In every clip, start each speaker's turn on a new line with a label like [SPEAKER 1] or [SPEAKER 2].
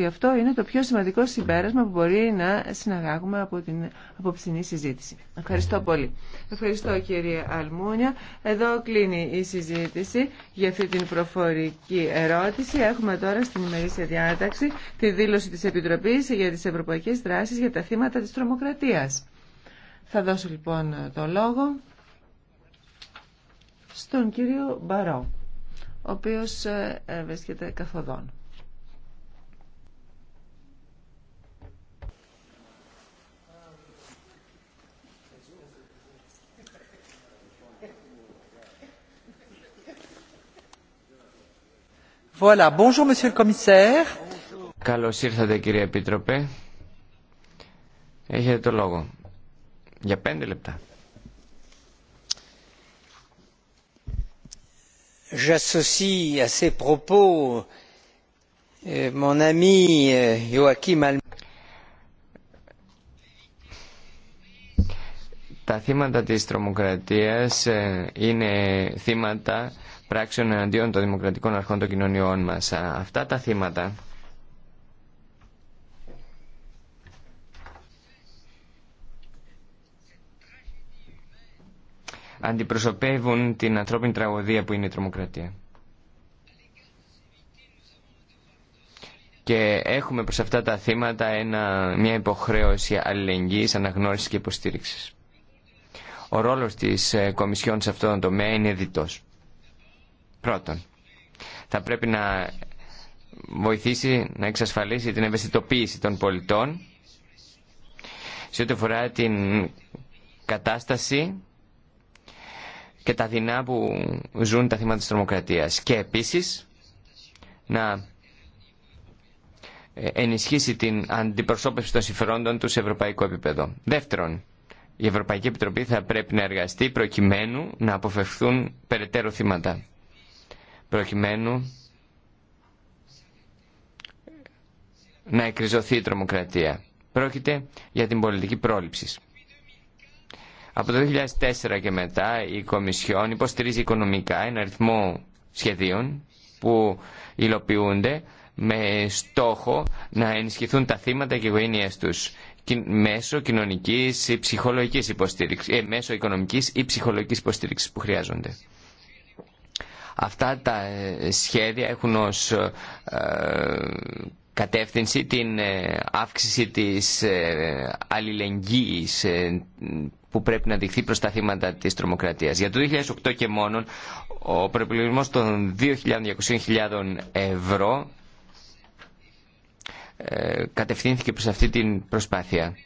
[SPEAKER 1] ότι αυτό είναι το πιο σημαντικό συμπέρασμα που μπορεί να συναγάγουμε από την απόψινή συζήτηση. Ευχαριστώ πολύ. Ευχαριστώ κύριε Αλμούνια. Εδώ κλείνει η συζήτηση για αυτή την προφορική ερώτηση. Έχουμε τώρα στην ημερήσια διάταξη τη δήλωση της Επιτροπής για τις Ευρωπαϊκές Δράσεις για τα θύματα της τρομοκρατίας. Θα δώσω λοιπόν το λόγο στον κύριο Μπαρό, ο οποίος βρίσκεται ε, καθοδόν. Bonjour, monsieur le commissaire.
[SPEAKER 2] Καλώς ήρθατε κύριε Επίτροπε. Έχετε το λόγο. Για πέντε λεπτά. J'associe à ces propos mon ami Joachim θύματα της τρομοκρατίας ε, είναι θύματα πράξεων εναντίον των δημοκρατικών αρχών των κοινωνιών μας. Αυτά τα θύματα αντιπροσωπεύουν την ανθρώπινη τραγωδία που είναι η τρομοκρατία. Και έχουμε προς αυτά τα θύματα ένα, μια υποχρέωση αλληλεγγύης, αναγνώρισης και υποστήριξης. Ο ρόλος της ε, Κομισιόν σε αυτόν τον τομέα είναι διτός. Πρώτον, θα πρέπει να βοηθήσει να εξασφαλίσει την ευαισθητοποίηση των πολιτών σε ό,τι αφορά την κατάσταση και τα δεινά που ζουν τα θύματα της τρομοκρατίας. Και επίσης να ε, ενισχύσει την αντιπροσώπευση των συμφερόντων του σε ευρωπαϊκό επίπεδο. Δεύτερον, η Ευρωπαϊκή Επιτροπή θα πρέπει να εργαστεί προκειμένου να αποφευχθούν περαιτέρω θύματα. Προκειμένου να εκριζωθεί η τρομοκρατία. Πρόκειται για την πολιτική πρόληψης. Από το 2004 και μετά η Κομισιόν υποστηρίζει οικονομικά ένα αριθμό σχεδίων που υλοποιούνται με στόχο να ενισχυθούν τα θύματα και οι τους μέσω κοινωνικής ή ψυχολογική υποστήριξη ε, μέσω οικονομικής ή ψυχολογικής υποστήριξης που χρειάζονται. Αυτά τα ε, σχέδια έχουν ως ε, κατεύθυνση την αύξηση της αλληλεγγύης που πρέπει να δειχθεί προς τα θύματα της τρομοκρατίας. Για το 2008 και μόνο, ο προπολογισμός των 2.200.000 ευρώ κατευθύνθηκε προς αυτή την προσπάθεια.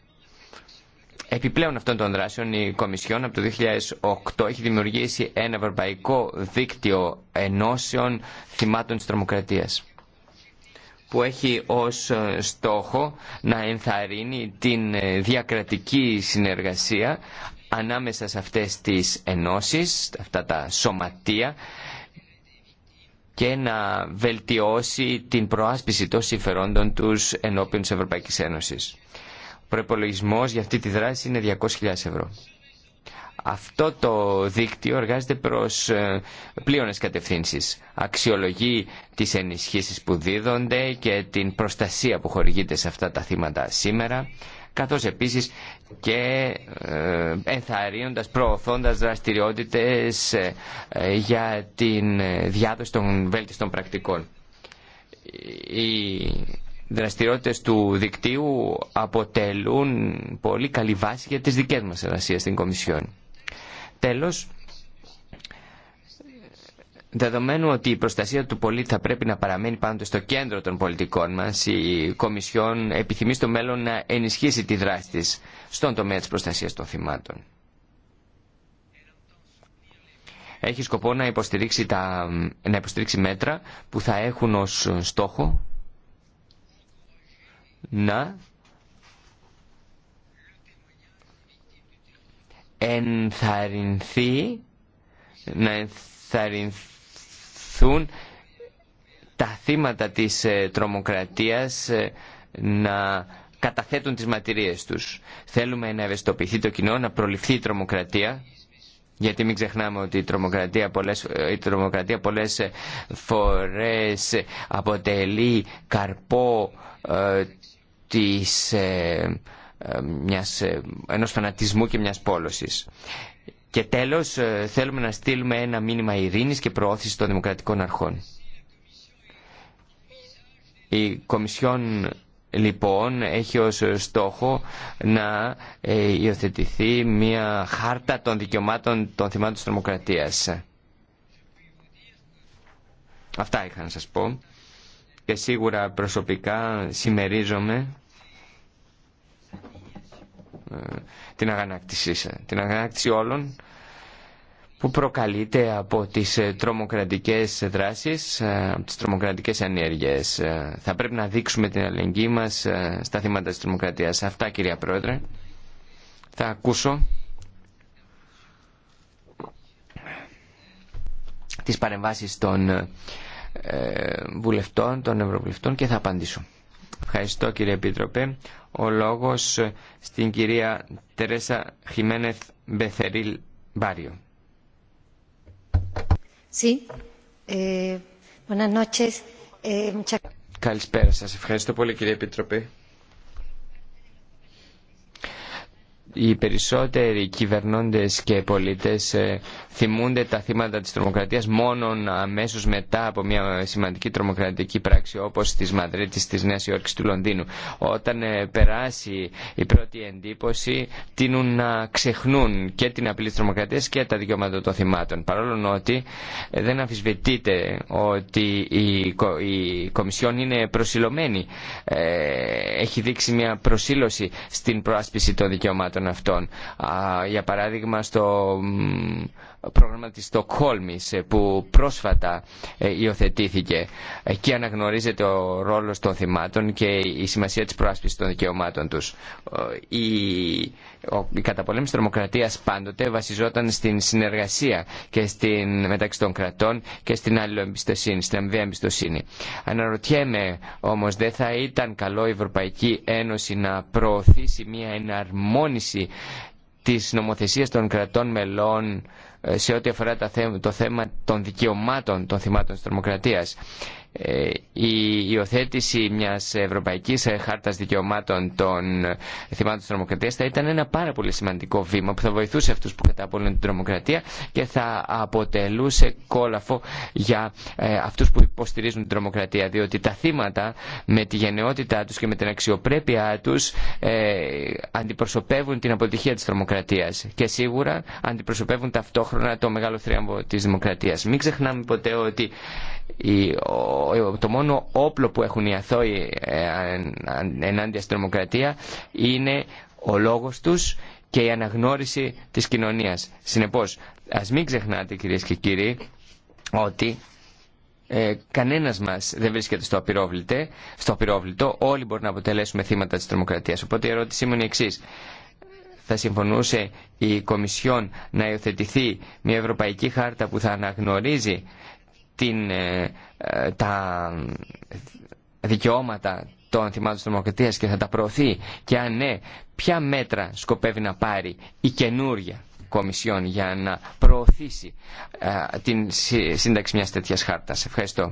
[SPEAKER 2] Επιπλέον αυτών των δράσεων η Κομισιόν από το 2008 έχει δημιουργήσει ένα ευρωπαϊκό δίκτυο ενώσεων θυμάτων της τρομοκρατίας που έχει ως στόχο να ενθαρρύνει την διακρατική συνεργασία ανάμεσα σε αυτές τις ενώσεις, αυτά τα σωματεία και να βελτιώσει την προάσπιση των συμφερόντων τους ενώπιον της Ευρωπαϊκής Ένωσης. Ο προπολογισμό για αυτή τη δράση είναι 200.000 ευρώ. Αυτό το δίκτυο εργάζεται προς ε, πλήρωνες κατευθύνσεις. Αξιολογεί τις ενισχύσεις που δίδονται και την προστασία που χορηγείται σε αυτά τα θύματα σήμερα καθώς επίσης και ε, ενθαρρύνοντας, προωθώντας δραστηριότητες ε, για την διάδοση των βέλτιστων πρακτικών. Οι δραστηριότητες του δικτύου αποτελούν πολύ καλή βάση για τις δικές μας εργασίες στην Κομισιόν. Τέλος, Δεδομένου ότι η προστασία του πολίτη θα πρέπει να παραμένει πάντοτε στο κέντρο των πολιτικών μας, η Κομισιόν επιθυμεί στο μέλλον να ενισχύσει τη δράση τη στον τομέα της προστασίας των θυμάτων. Έχει σκοπό να υποστηρίξει, τα, να υποστηρίξει μέτρα που θα έχουν ως στόχο να ενθαρρυνθεί, να ενθαρρυνθεί θουν τα θύματα της ε, τρομοκρατίας ε, να καταθέτουν τις ματηρίες τους. Θέλουμε να ευαισθητοποιηθεί το κοινό, να προληφθεί η τρομοκρατία, γιατί μην ξεχνάμε ότι η τρομοκρατία πολλές, ε, η τρομοκρατία πολλές φορές αποτελεί καρπό ε, της, μιας, ενός φανατισμού και μιας πόλωσης. Και τέλος, ε, θέλουμε να στείλουμε ένα μήνυμα ειρήνης και προώθηση των δημοκρατικών αρχών. Η Κομισιόν λοιπόν έχει ως στόχο να ε, υιοθετηθεί μια χάρτα των δικαιωμάτων των θυμάτων της δημοκρατίας. Αυτά είχα να σας πω και σίγουρα προσωπικά συμμερίζομαι την αγανάκτησή την αγανάκτηση όλων που προκαλείται από τις ε, τρομοκρατικές δράσεις, ε, από τις τρομοκρατικές ανέργειες. Ε, θα πρέπει να δείξουμε την αλληλεγγύη μας στα θύματα της τρομοκρατίας. Αυτά κυρία Πρόεδρε. Θα ακούσω τις παρεμβάσεις των βουλευτών, των ευρωβουλευτών και θα απαντήσω. Ευχαριστώ κύριε Επίτροπε. Ο λόγος στην κυρία Τερέσα Χιμένεθ Μπεθερίλ Μπάριο.
[SPEAKER 3] Eh,
[SPEAKER 2] eh, Καλησπέρα σας. Ευχαριστώ πολύ κύριε Επίτροπε. οι περισσότεροι κυβερνώντες και πολίτες ε, θυμούνται τα θύματα της τρομοκρατίας μόνον αμέσως μετά από μια σημαντική τρομοκρατική πράξη όπως της Μαδρίτης, της Νέας Υόρκης, του Λονδίνου. Όταν ε, περάσει η πρώτη εντύπωση τείνουν να ξεχνούν και την απειλή της τρομοκρατίας και τα δικαιώματα των θυμάτων. Παρόλο ότι ε, δεν αμφισβητείται ότι η, η Κομισιόν είναι προσιλωμένη. έχει δείξει μια προσήλωση στην προάσπιση των δικαιωμάτων των αυτών. Για παράδειγμα στο πρόγραμμα της Στοκχόλμης ε, που πρόσφατα ε, υιοθετήθηκε και αναγνωρίζεται ο ρόλος των θυμάτων και η σημασία της προάσπισης των δικαιωμάτων τους. Ε, η, η καταπολέμηση τρομοκρατίας πάντοτε βασιζόταν στην συνεργασία και στην, μεταξύ των κρατών και στην αλληλοεμπιστοσύνη, στην αμοιβαία εμπιστοσύνη. Αναρωτιέμαι όμως δεν θα ήταν καλό η Ευρωπαϊκή Ένωση να προωθήσει μια Τη της νομοθεσίας των κρατών μελών σε ό,τι αφορά το θέμα των δικαιωμάτων των θυμάτων της τρομοκρατίας. Ε, η υιοθέτηση μιας Ευρωπαϊκής ε, Χάρτας Δικαιωμάτων των ε, Θυμάτων της Τρομοκρατίας θα ήταν ένα πάρα πολύ σημαντικό βήμα που θα βοηθούσε αυτούς που καταπολούν την τρομοκρατία και θα αποτελούσε κόλαφο για αυτούς που υποστηρίζουν την τρομοκρατία διότι τα θύματα με τη γενναιότητά τους και με την αξιοπρέπειά τους αντιπροσωπεύουν την αποτυχία της τρομοκρατίας και σίγουρα αντιπροσωπεύουν ταυτόχρονα ταυτόχρονα το μεγάλο θρίαμβο της δημοκρατίας. Μην ξεχνάμε ποτέ ότι το μόνο όπλο που έχουν οι αθώοι ε, ενάντια στην δημοκρατία είναι ο λόγος τους και η αναγνώριση της κοινωνίας. Συνεπώς, ας μην ξεχνάτε κυρίες και κύριοι ότι ε, κανένας μας δεν βρίσκεται στο, απειρόβλητο. στο απειρόβλητο. Όλοι μπορούν να αποτελέσουμε θύματα της τρομοκρατίας. Οπότε η ερώτησή μου είναι η εξής θα συμφωνούσε η Κομισιόν να υιοθετηθεί μια Ευρωπαϊκή Χάρτα που θα αναγνωρίζει την, ε, ε, τα δικαιώματα των θυμάτων της δημοκρατίας και θα τα προωθεί και αν ναι, ποια μέτρα σκοπεύει να πάρει η καινούρια Κομισιόν για να προωθήσει ε, την σύνταξη μιας τέτοιας χάρτας. Ευχαριστώ.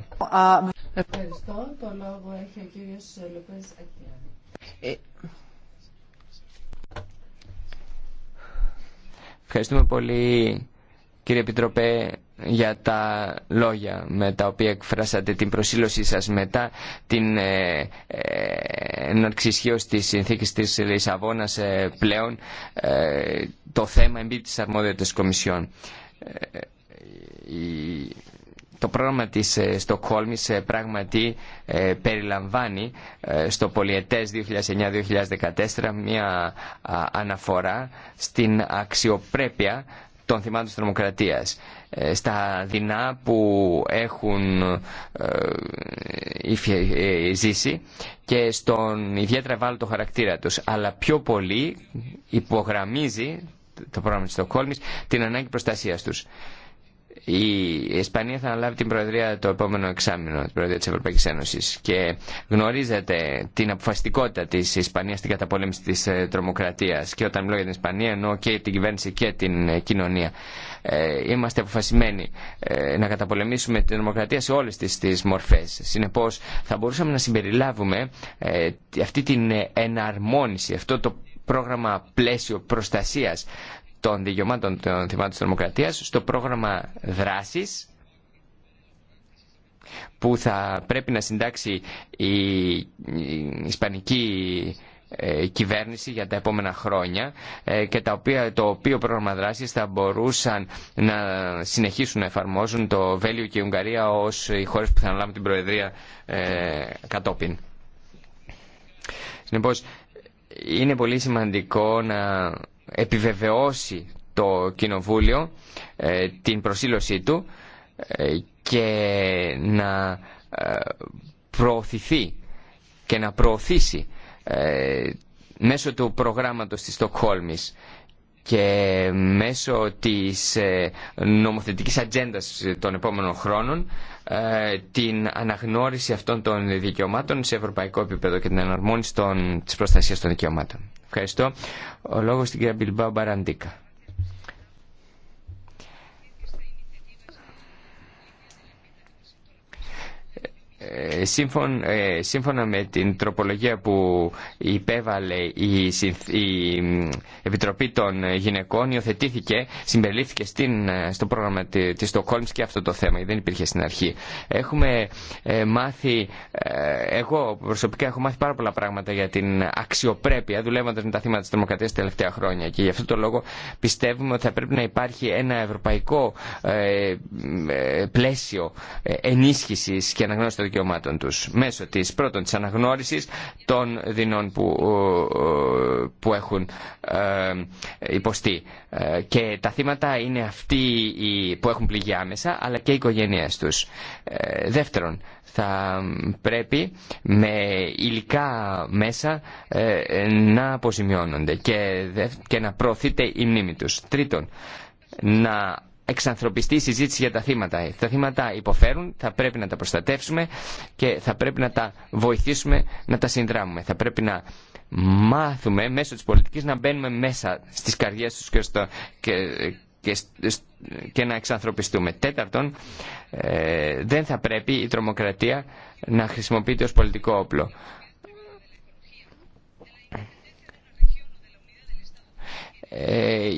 [SPEAKER 1] Ευχαριστώ. Το λόγο έχει ο κύριος
[SPEAKER 2] Ευχαριστούμε πολύ κύριε Επιτροπέ για τα λόγια με τα οποία εκφράσατε την προσήλωσή σας μετά την ε, ε, της συνθήκης της Λισαβόνας ε, πλέον ε, το θέμα εμπίπτει στις της Κομισιόν. Ε, το πρόγραμμα της ε, Στοκχόλμης ε, πράγματι ε, περιλαμβάνει στο πολιετές 2009-2014 μια αναφορά στην αξιοπρέπεια των θυμάτων της τρομοκρατίας στα δεινά που έχουν ζήσει και στον ιδιαίτερα ευάλωτο χαρακτήρα τους αλλά πιο πολύ υπογραμμίζει το πρόγραμμα της Στοκχόλμης την ανάγκη προστασίας τους. Η Ισπανία θα αναλάβει την Προεδρία το επόμενο εξάμεινο, την Προεδρία της Ευρωπαϊκής Ένωσης και γνωρίζετε την αποφασιστικότητα της Ισπανίας στην καταπολέμηση της ε, τρομοκρατίας και όταν μιλώ για την Ισπανία εννοώ και την κυβέρνηση και την ε, κοινωνία. Ε, είμαστε αποφασισμένοι να καταπολεμήσουμε την τρομοκρατία σε όλες τις, τις μορφές. Συνεπώς θα μπορούσαμε να συμπεριλάβουμε αυτή την εναρμόνιση, αυτό το πρόγραμμα πλαίσιο προστασίας των δικαιωμάτων των θυμάτων της δημοκρατίας στο πρόγραμμα δράσης που θα πρέπει να συντάξει η Ισπανική ε, κυβέρνηση για τα επόμενα χρόνια ε, και τα οποία, το οποίο πρόγραμμα δράσης θα μπορούσαν να συνεχίσουν να εφαρμόζουν το Βέλιο και η Ουγγαρία ως οι χώρες που θα αναλάβουν την Προεδρία ε, κατόπιν. Συνεπώς, είναι πολύ σημαντικό να επιβεβαιώσει το Κοινοβούλιο ε, την προσήλωσή του ε, και να ε, προωθηθεί και να προωθήσει μέσω του προγράμματος της Στοκχόλμης και μέσω της ε, νομοθετικής ατζέντα των επόμενων χρόνων ε, την αναγνώριση αυτών των δικαιωμάτων σε ευρωπαϊκό επίπεδο και την εναρμόνιση των, της προστασίας των δικαιωμάτων. Ευχαριστώ. Ο λόγος στην κυρία Μπιλμπάου Μπαραντίκα. Ε, ε, σύμφωνα με την τροπολογία που υπέβαλε η, Επιτροπή των Γυναικών υιοθετήθηκε, συμπεριλήφθηκε στην, ε, στο πρόγραμμα της Στοκόλμης και αυτό το θέμα, δεν υπήρχε στην αρχή. Έχουμε μάθει, εγώ προσωπικά έχω μάθει πάρα πολλά πράγματα για την αξιοπρέπεια δουλεύοντας με τα θύματα της τρομοκρατίας τα τελευταία χρόνια και γι' αυτό το λόγο πιστεύουμε ότι θα πρέπει να υπάρχει ένα ευρωπαϊκό πλαίσιο ενίσχυσης και αναγνώρισης των δικαιωμάτων δικαιωμάτων τους μέσω της πρώτον της αναγνώρισης των δεινών που, που έχουν ε, υποστεί ε, και τα θύματα είναι αυτοί που έχουν πληγεί άμεσα αλλά και οι οικογένειές τους. Ε, δεύτερον, θα πρέπει με υλικά μέσα να αποζημιώνονται και να προωθείται η μνήμη τους. Τρίτον, να εξανθρωπιστεί η συζήτηση για τα θύματα. Ε, τα θύματα υποφέρουν, θα πρέπει να τα προστατεύσουμε και θα πρέπει να τα βοηθήσουμε να τα συνδράμουμε. Θα πρέπει να μάθουμε μέσω της πολιτικής να μπαίνουμε μέσα στις καρδιές τους και, και, να εξανθρωπιστούμε. Τέταρτον, ε, δεν θα πρέπει η τρομοκρατία να χρησιμοποιείται ως πολιτικό όπλο. Ε,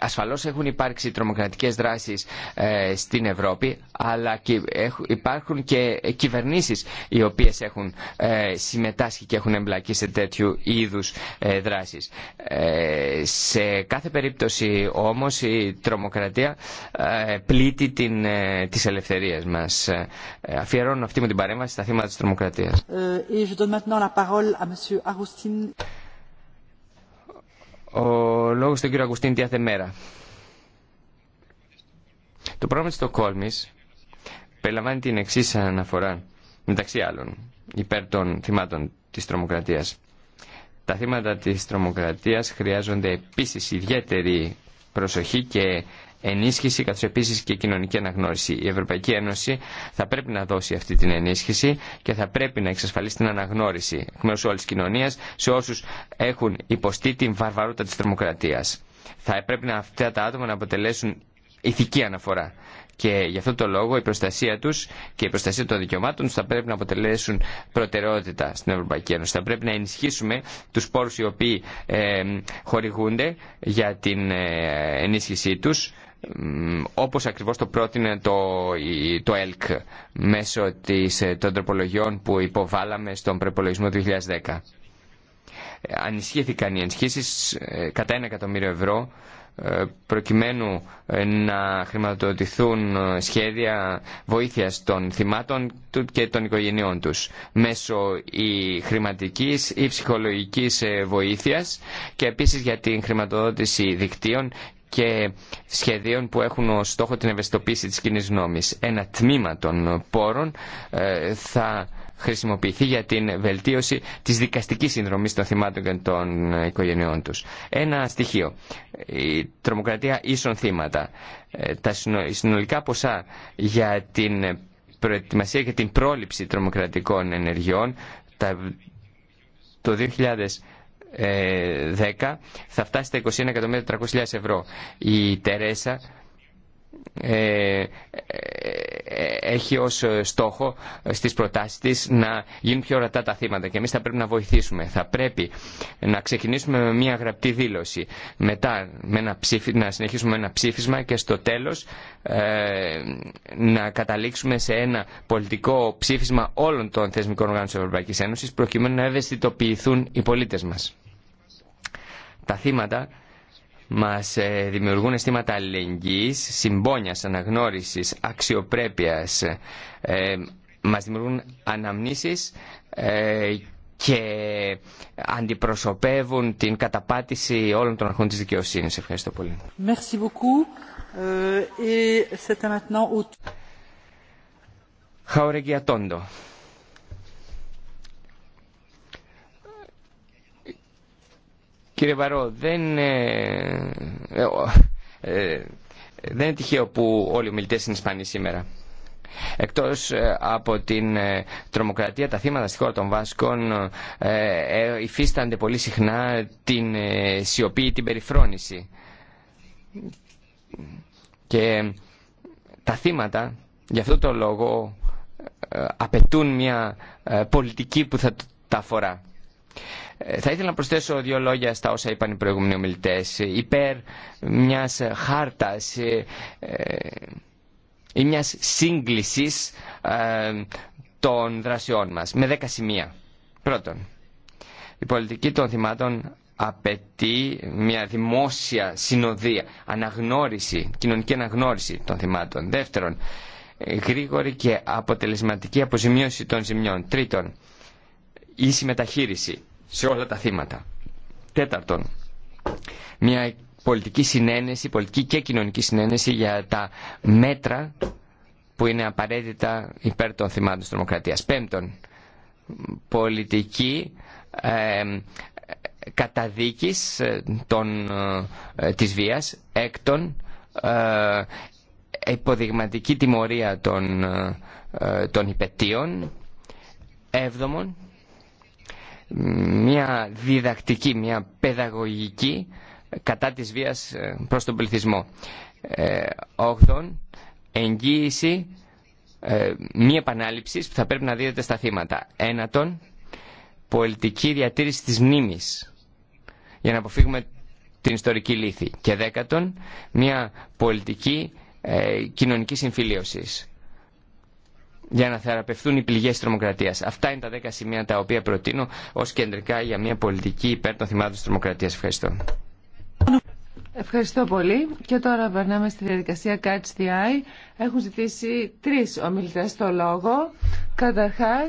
[SPEAKER 2] ασφαλώς έχουν υπάρξει τρομοκρατικές δράσεις ε, στην Ευρώπη, αλλά υπάρχουν και κυβερνήσεις οι οποίες έχουν ε, συμμετάσχει και έχουν εμπλακεί σε τέτοιου είδους ε, δράσεις. Σε κάθε περίπτωση όμως η τρομοκρατία πλήττει την, τις ελευθερίες μας. Αφιερώνω αυτή μου την παρέμβαση στα θύματα της τρομοκρατίας. Ο λόγος κύριου κύριο Αγκουστίν μέρα. Το πρόγραμμα της Στοκόλμης περιλαμβάνει την εξή αναφορά, μεταξύ άλλων, υπέρ των θυμάτων της τρομοκρατίας. Τα θύματα της τρομοκρατίας χρειάζονται επίσης ιδιαίτερη προσοχή και ενίσχυση καθώς επίσης και κοινωνική αναγνώριση. Η Ευρωπαϊκή Ένωση θα πρέπει να δώσει αυτή την ενίσχυση και θα πρέπει να εξασφαλίσει την αναγνώριση εκ μέρους όλης της κοινωνίας σε όσους έχουν υποστεί την βαρβαρότητα της τρομοκρατίας. Θα πρέπει να αυτά τα άτομα να αποτελέσουν ηθική αναφορά. Και γι' αυτό το λόγο η προστασία του και η προστασία των δικαιωμάτων τους θα πρέπει να αποτελέσουν προτεραιότητα στην Ευρωπαϊκή Ένωση. Θα πρέπει να ενισχύσουμε του πόρου οι οποίοι ε, χορηγούνται για την ε, ενίσχυσή του όπως ακριβώς το πρότεινε το, το ΕΛΚ μέσω της, ε, των τροπολογιών που υποβάλαμε στον προπολογισμό του 2010. Ανισχύθηκαν οι ενισχύσεις ε, κατά ένα εκατομμύριο ευρώ ε, προκειμένου να χρηματοδοτηθούν σχέδια βοήθειας των θυμάτων και των οικογενειών τους μέσω η χρηματικής ή ψυχολογικής βοήθειας και επίσης για την χρηματοδότηση δικτύων και σχεδίων που έχουν ως στόχο την ευαισθητοποίηση της κοινή γνώμης. Ένα τμήμα των πόρων ε, θα χρησιμοποιηθεί για την βελτίωση της δικαστικής συνδρομής των θυμάτων και των οικογενειών τους. Ένα στοιχείο. Η τρομοκρατία ίσων θύματα. Ε, τα συνολικά ποσά για την προετοιμασία και την πρόληψη τρομοκρατικών ενεργειών το 2000 ε, 10 θα φτάσει στα 21.300.000 ευρώ. Η Τερέσα ε, ε, ε, έχει ως στόχο στις προτάσεις της να γίνουν πιο ορατά τα θύματα και εμείς θα πρέπει να βοηθήσουμε. Θα πρέπει να ξεκινήσουμε με μια γραπτή δήλωση, μετά με ένα ψήφι, να συνεχίσουμε με ένα ψήφισμα και στο τέλος να καταλήξουμε σε ένα πολιτικό ψήφισμα όλων των θεσμικών οργάνων της Ευρωπαϊκής Ένωσης προκειμένου να ευαισθητοποιηθούν οι πολίτες μας. Τα θύματα μας ε, δημιουργούν αισθήματα αλληλεγγύης, συμπόνιας, αναγνώρισης, αξιοπρέπειας. Ε, μας δημιουργούν αναμνήσεις ε, και αντιπροσωπεύουν την καταπάτηση όλων των αρχών της δικαιοσύνης. Ευχαριστώ πολύ.
[SPEAKER 1] Merci beaucoup. Ε,
[SPEAKER 2] et Κύριε Βαρό, δεν ε, ε, ε, είναι, δεν τυχαίο που όλοι οι μιλητές είναι Ισπανοί σήμερα. Εκτός από την τρομοκρατία, τα θύματα στη χώρα των Βάσκων υφίστανται πολύ συχνά την σιωπή ή την περιφρόνηση. Και τα θύματα, γι' αυτό το λόγο, απαιτούν μια πολιτική που θα τα αφορά. Ε, θα ήθελα να προσθέσω δύο λόγια στα όσα είπαν οι προηγούμενοι ομιλητέ. Υπέρ μιας χάρτας ε, ε, ή μιας σύγκλησης των δρασιών μας με δέκα σημεία. Πρώτον, η πολιτική των θυμάτων απαιτεί μια δημόσια συνοδεία, αναγνώριση, κοινωνική αναγνώριση των θυμάτων. Δεύτερον, γρήγορη και αποτελεσματική αποζημίωση των ζημιών. Τρίτον, ίση μεταχείριση σε όλα τα θύματα. Τέταρτον, μια πολιτική συνένεση, πολιτική και κοινωνική συνένεση για τα μέτρα που είναι απαραίτητα υπέρ των θυμάτων της τρομοκρατίας. Πέμπτον, πολιτική ε, καταδίκης των, ε, της βίας. Έκτον, υποδειγματική ε, τιμωρία των, ε, των υπετίων. Έβδομον, μια διδακτική, μια παιδαγωγική κατά της βίας ε, προς τον πληθυσμό. Ε, εγγύηση ε, μη επανάληψης που θα πρέπει να δίδεται στα θύματα. Ένατον, πολιτική διατήρηση της μνήμης για να αποφύγουμε την ιστορική λύθη. Και δέκατον, μια πολιτική ε, κοινωνική συμφιλίωσης για να θεραπευθούν οι πληγέ της τρομοκρατίας. Αυτά είναι τα δέκα σημεία τα οποία προτείνω ως κεντρικά για μια πολιτική υπέρ των θυμάτων της τρομοκρατίας. Ευχαριστώ.
[SPEAKER 1] Ευχαριστώ πολύ. Και τώρα περνάμε στη διαδικασία Catch the Eye. Έχουν ζητήσει τρεις ομιλητές το λόγο. καταρχά,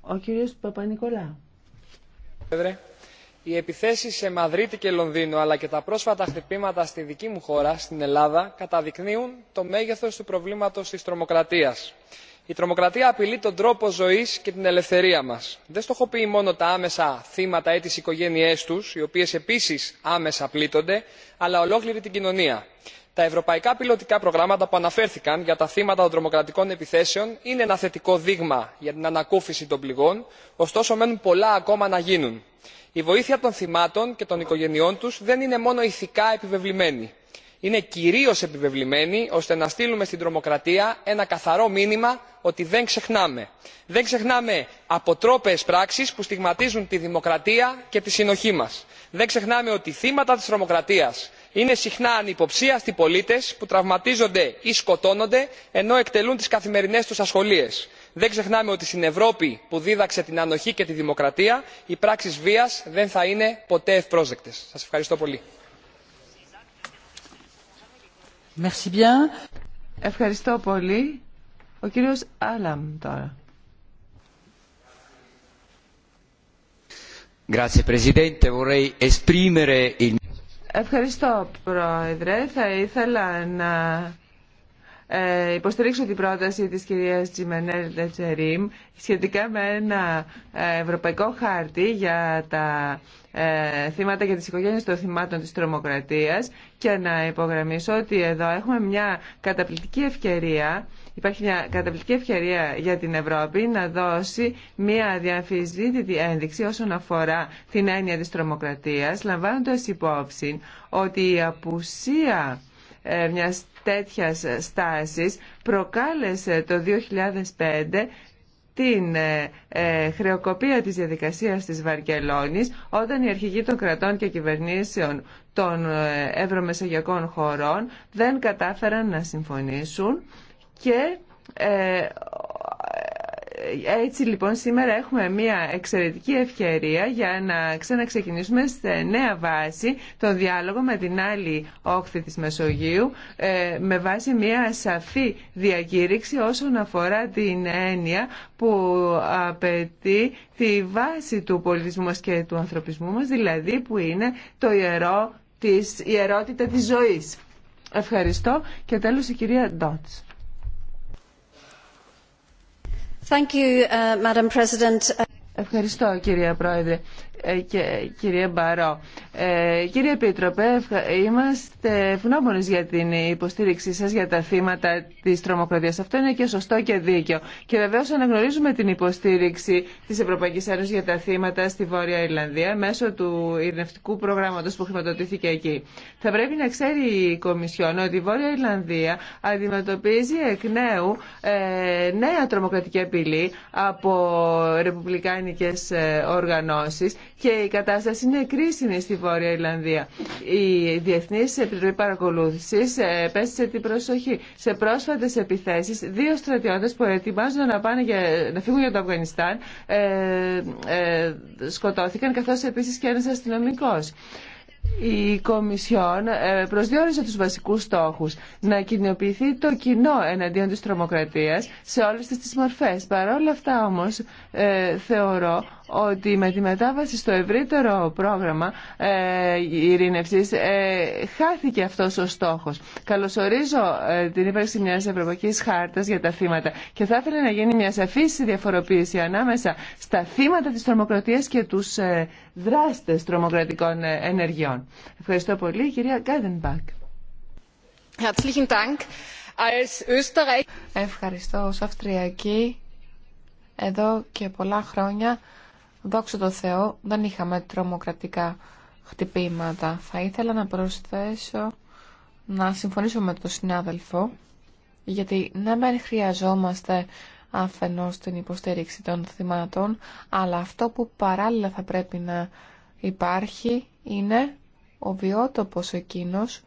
[SPEAKER 1] ο κύριος Παπα-Νικολάου
[SPEAKER 3] οι επιθέσεις σε μαδρίτη και λονδίνο αλλά και τα πρόσφατα χτυπήματα στη δική μου χώρα στην ελλάδα καταδεικνύουν το μέγεθος του προβλήματος της τρομοκρατίας. η τρομοκρατία απειλεί τον τρόπο ζωής και την ελευθερία μας. δεν στοχοποιεί μόνο τα άμεσα θύματα ή τις οικογένειές τους οι οποίες επίσης άμεσα πλήττονται αλλά ολόκληρη την κοινωνία. τα ευρωπαϊκά πιλωτικά προγράμματα που αναφέρθηκαν για τα θύματα των τρομοκρατικών επιθέσεων είναι ένα θετικό δείγμα για την ανακούφιση των πληγών ωστόσο μένουν πολλά ακόμα να γίνουν η βοήθεια των θυμάτων και των οικογενειών τους δεν είναι μόνο ηθικά επιβεβλημένη είναι κυρίως επιβεβλημένη ώστε να στείλουμε στην τρομοκρατία ένα καθαρό μήνυμα ότι δεν ξεχνάμε. δεν ξεχνάμε αποτρόπαιες πράξεις που στιγματίζουν τη δημοκρατία και τη συνοχή μας. δεν ξεχνάμε ότι θύματα της τρομοκρατίας είναι συχνά ανυποψίαστοι πολίτες που τραυματίζονται ή σκοτώνονται ενώ εκτελούν τις καθημερινές τους ασχολίες δεν ξεχνάμε ότι στην ευρώπη που δίδαξε την ανοχή και τη δημοκρατία οι πράξεις βίας δεν θα είναι ποτέ ευπρόσδεκτες. σας ευχαριστώ πολύ.
[SPEAKER 1] Ευχαριστώ πολύ. Ο κύριος Ευχαριστώ, Πρόεδρε. Θα ήθελα να ε, υποστηρίξω την πρόταση της κυρίας Τζιμενέλ Τετσερίμ σχετικά με ένα ε, ευρωπαϊκό χάρτη για τα ε, θύματα και τις οικογένειες των θυμάτων της τρομοκρατίας και να υπογραμμίσω ότι εδώ έχουμε μια καταπληκτική ευκαιρία υπάρχει μια καταπληκτική ευκαιρία για την Ευρώπη να δώσει μια διαφυζήτητη ένδειξη όσον αφορά την έννοια της τρομοκρατίας λαμβάνοντας υπόψη ότι η απουσία ε, μιας τέτοιας στάσης προκάλεσε το 2005 την ε, ε, χρεοκοπία της διαδικασίας της Βαρκελόνης όταν οι αρχηγοί των κρατών και κυβερνήσεων των ευρωμεσογειακών χωρών δεν κατάφεραν να συμφωνήσουν και έτσι λοιπόν σήμερα έχουμε μια εξαιρετική ευκαιρία για να ξαναξεκινήσουμε σε νέα βάση τον διάλογο με την άλλη όχθη της Μεσογείου ε, με βάση μια σαφή διακήρυξη όσον αφορά την έννοια που απαιτεί τη βάση του πολιτισμού μας και του ανθρωπισμού μας δηλαδή που είναι το ιερό της ιερότητα της ζωής. Ευχαριστώ και τέλος η κυρία Ντότς. Thank you, Madam President. Ευχαριστώ κυρία ε, και κύριε Μπαρό. Ε, κύριε Επίτροπε, είμαστε ευγνώμονε για την υποστήριξή σας για τα θύματα της τρομοκρατίας. Αυτό είναι και σωστό και δίκαιο. Και βεβαίω αναγνωρίζουμε την υποστήριξη της Ευρωπαϊκής Ένωσης για τα θύματα στη Βόρεια Ιρλανδία μέσω του ειρνευτικού προγράμματος που χρηματοδοτήθηκε εκεί. Θα πρέπει να ξέρει η Κομισιόν ότι η Βόρεια Ιρλανδία αντιμετωπίζει εκ νέου ε, νέα τρομοκρατική απειλή από ρεπουμπλικάνικες ε, οργανώσεις και η κατάσταση είναι κρίσιμη στη Βόρεια Ιρλανδία. Η Διεθνή Επιτροπή Παρακολούθηση ε, πέστησε την προσοχή σε πρόσφατε επιθέσει. Δύο στρατιώτε που ετοιμάζονταν να, πάνε για, να φύγουν για το Αφγανιστάν ε, ε σκοτώθηκαν, καθώ επίση και ένα αστυνομικό. Η Κομισιόν ε, προσδιορίζει τους βασικούς στόχους να κοινοποιηθεί το κοινό εναντίον της τρομοκρατίας σε όλες τις μορφές. Παρ' όλα αυτά όμως θεωρώ ότι με τη μετάβαση στο ευρύτερο πρόγραμμα ε, ειρήνευσης ε, χάθηκε αυτός ο στόχος. Καλωσορίζω ε, την ύπαρξη μιας Ευρωπαϊκής Χάρτας για τα θύματα και θα ήθελα να γίνει μια σαφή διαφοροποίηση ανάμεσα στα θύματα της τρομοκρατίας και τους ε, δράστες τρομοκρατικών ε, ενεργειών. Ευχαριστώ πολύ, κυρία Γκάδενμπακ. Ευχαριστώ ω Αυστριακή εδώ και πολλά χρόνια δόξα τω Θεώ, δεν είχαμε τρομοκρατικά χτυπήματα. Θα ήθελα να προσθέσω να συμφωνήσω με τον συνάδελφο, γιατί ναι μεν χρειαζόμαστε αφενός την υποστήριξη των θυμάτων, αλλά αυτό που παράλληλα θα πρέπει να υπάρχει είναι ο βιότοπος εκείνος,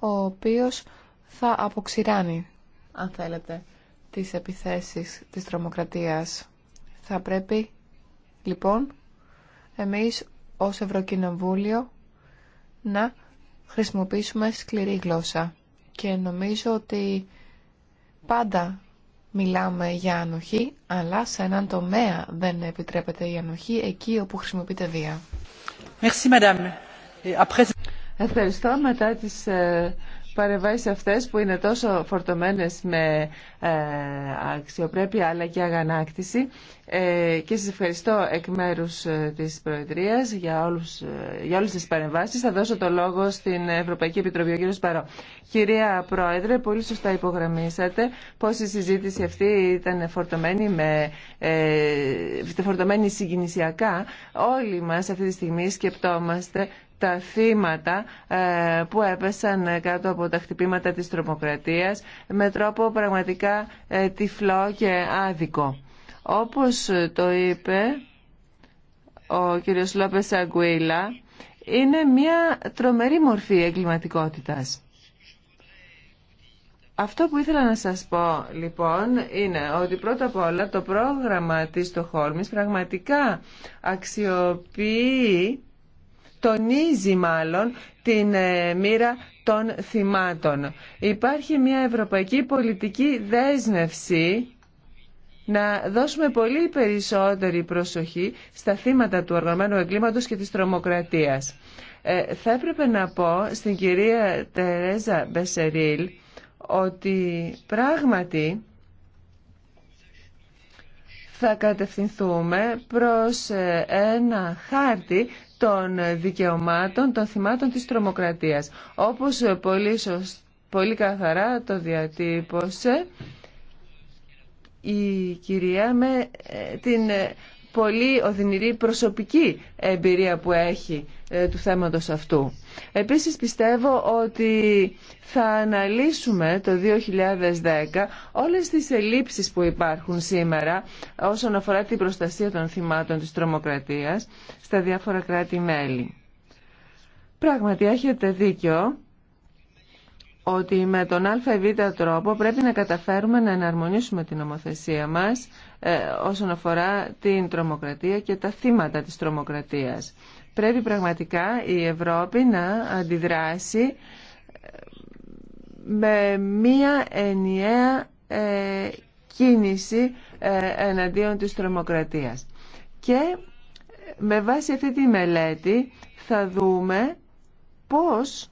[SPEAKER 1] ο οποίος θα αποξηράνει, αν θέλετε, τις επιθέσεις της τρομοκρατίας. Θα πρέπει λοιπόν εμείς ως Ευρωκοινοβούλιο να χρησιμοποιήσουμε σκληρή γλώσσα. Και νομίζω ότι πάντα μιλάμε για ανοχή, αλλά σε έναν τομέα δεν επιτρέπεται η ανοχή εκεί όπου χρησιμοποιείται βία. Ευχαριστώ. Ε, παρεμβάσεις αυτές που είναι τόσο φορτωμένες με ε, αξιοπρέπεια αλλά και αγανάκτηση ε, και σας ευχαριστώ εκ μέρους ε, της Προεδρίας για, όλους, για όλες τις παρεμβάσεις. Θα δώσω το λόγο στην Ευρωπαϊκή Επιτροπή. Ο κύριος Παρό. Κυρία Πρόεδρε, πολύ σωστά υπογραμμίσατε πως η συζήτηση αυτή ήταν φορτωμένη, με, φορτωμένη συγκινησιακά. Όλοι μας αυτή τη στιγμή σκεπτόμαστε τα θύματα ε, που έπεσαν κάτω από τα χτυπήματα της τρομοκρατίας με τρόπο πραγματικά ε, τυφλό και άδικο. Όπως το είπε ο κύριος Λόπες Αγκουίλα, είναι μια τρομερή μορφή εγκληματικότητας. Αυτό που ήθελα να σας πω λοιπόν είναι ότι πρώτα απ' όλα το πρόγραμμα της Στοχόλμης πραγματικά αξιοποιεί τονίζει μάλλον την ε, μοίρα των θυμάτων. Υπάρχει μια ευρωπαϊκή πολιτική δέσμευση να δώσουμε πολύ περισσότερη προσοχή στα θύματα του οργανωμένου εγκλήματος και της τρομοκρατίας. Ε, θα έπρεπε να πω στην κυρία Τερέζα Μπεσερίλ ότι πράγματι θα κατευθυνθούμε προς ε, ένα χάρτη των δικαιωμάτων των θυμάτων της τρομοκρατίας. Όπως πολύ, πολύ καθαρά το διατύπωσε η κυρία με ε, την ε, πολύ οδυνηρή προσωπική εμπειρία που έχει ε, του θέματος αυτού. Επίσης πιστεύω ότι θα αναλύσουμε το 2010 όλες τις ελλείψεις που υπάρχουν σήμερα όσον αφορά την προστασία των θυμάτων της τρομοκρατίας στα διάφορα κράτη-μέλη. Πράγματι έχετε δίκιο ότι με τον ΑΒ τρόπο πρέπει να καταφέρουμε να εναρμονίσουμε την νομοθεσία μας ε, όσον αφορά την τρομοκρατία και τα θύματα της τρομοκρατίας. Πρέπει πραγματικά η Ευρώπη να αντιδράσει ε, με μία ενιαία ε, κίνηση εναντίον της τρομοκρατίας. Και με βάση αυτή τη μελέτη θα δούμε πώς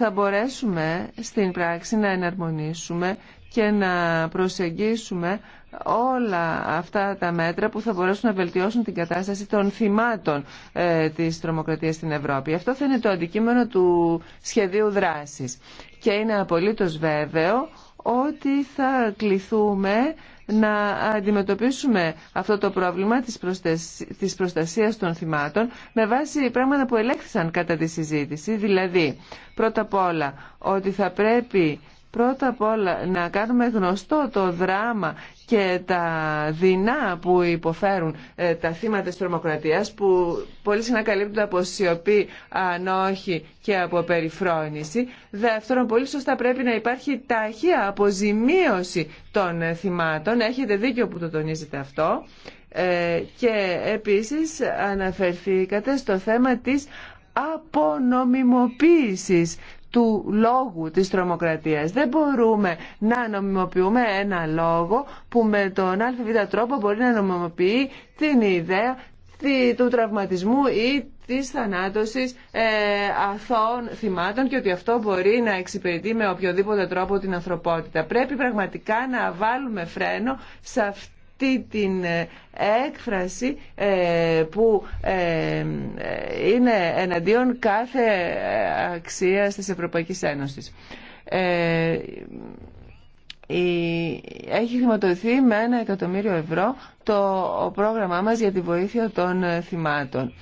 [SPEAKER 1] θα μπορέσουμε στην πράξη να εναρμονίσουμε και να προσεγγίσουμε όλα αυτά τα μέτρα που θα μπορέσουν να βελτιώσουν την κατάσταση των θυμάτων ε, της τρομοκρατίας στην Ευρώπη. Αυτό θα είναι το αντικείμενο του σχεδίου δράσης. Και είναι απολύτως βέβαιο ότι θα κληθούμε να αντιμετωπίσουμε αυτό το πρόβλημα της προστασίας των θυμάτων με βάση πράγματα που ελέγχθησαν κατά τη συζήτηση. Δηλαδή, πρώτα απ' όλα, ότι θα πρέπει πρώτα απ' όλα να κάνουμε γνωστό το δράμα και τα δεινά που υποφέρουν ε, τα θύματα της τρομοκρατίας που πολύ συνακαλύπτουν από σιωπή, αν όχι και από περιφρόνηση. Δεύτερον, πολύ σωστά πρέπει να υπάρχει ταχεία αποζημίωση των θυμάτων. Έχετε δίκιο που το τονίζετε αυτό. Ε, και επίσης αναφερθήκατε στο θέμα της απονομιμοποίησης του λόγου της τρομοκρατίας. Δεν μπορούμε να νομιμοποιούμε ένα λόγο που με τον ΑΒ τρόπο μπορεί να νομιμοποιεί την ιδέα του τραυματισμού ή της θανάτωσης ε, αθώων θυμάτων και ότι αυτό μπορεί να εξυπηρετεί με οποιοδήποτε τρόπο την ανθρωπότητα. Πρέπει πραγματικά να βάλουμε φρένο σε αυτή την ε, έκφραση ε, που ε, είναι εναντίον κάθε ε, αξία της Ευρωπαϊκής Ένωσης. Ε, έχει χρηματοδοτηθεί με ένα εκατομμύριο ευρώ το πρόγραμμά μας για τη βοήθεια των θυμάτων.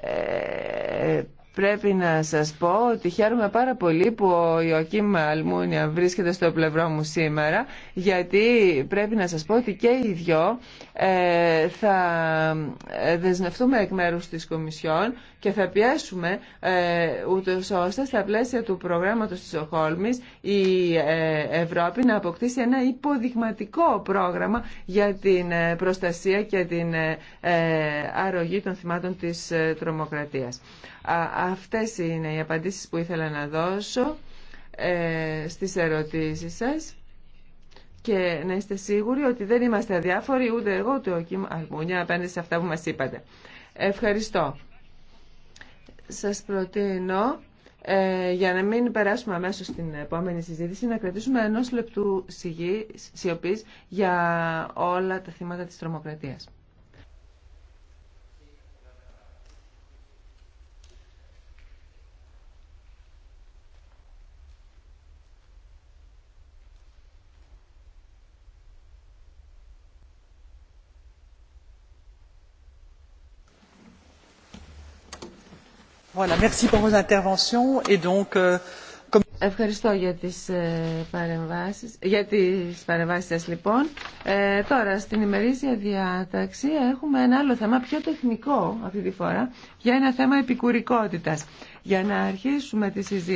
[SPEAKER 1] Ε, Πρέπει να σας πω ότι χαίρομαι πάρα πολύ που ο Ιωκή Αλμούνια βρίσκεται στο πλευρό μου σήμερα γιατί πρέπει να σας πω ότι και οι δυο ε, θα ε, δεσμευτούμε εκ μέρους της Κομισιόν και θα πιέσουμε ε, ούτως ώστε στα πλαίσια του προγράμματος της Οχόλμης η ε, Ευρώπη να αποκτήσει ένα υποδειγματικό πρόγραμμα για την ε, προστασία και την αρρωγή των θυμάτων της τρομοκρατίας. Αυτές είναι οι απαντήσεις που ήθελα να δώσω στις ερωτήσεις σας και να είστε σίγουροι ότι δεν είμαστε αδιάφοροι ούτε εγώ ούτε ο Κιμ Αλμούνια απέναντι σε αυτά που μας είπατε. Ευχαριστώ. Σας προτείνω ε, για να μην περάσουμε αμέσω στην επόμενη συζήτηση, να κρατήσουμε ενό λεπτού σιγή, σιωπής για όλα τα θύματα της τρομοκρατίας. Ευχαριστώ για τις παρεμβάσεις, σας λοιπόν. Ε, τώρα στην ημερήσια διάταξη έχουμε ένα άλλο θέμα πιο τεχνικό αυτή τη φορά για ένα θέμα επικουρικότητας. Για να αρχίσουμε τη συζήτηση.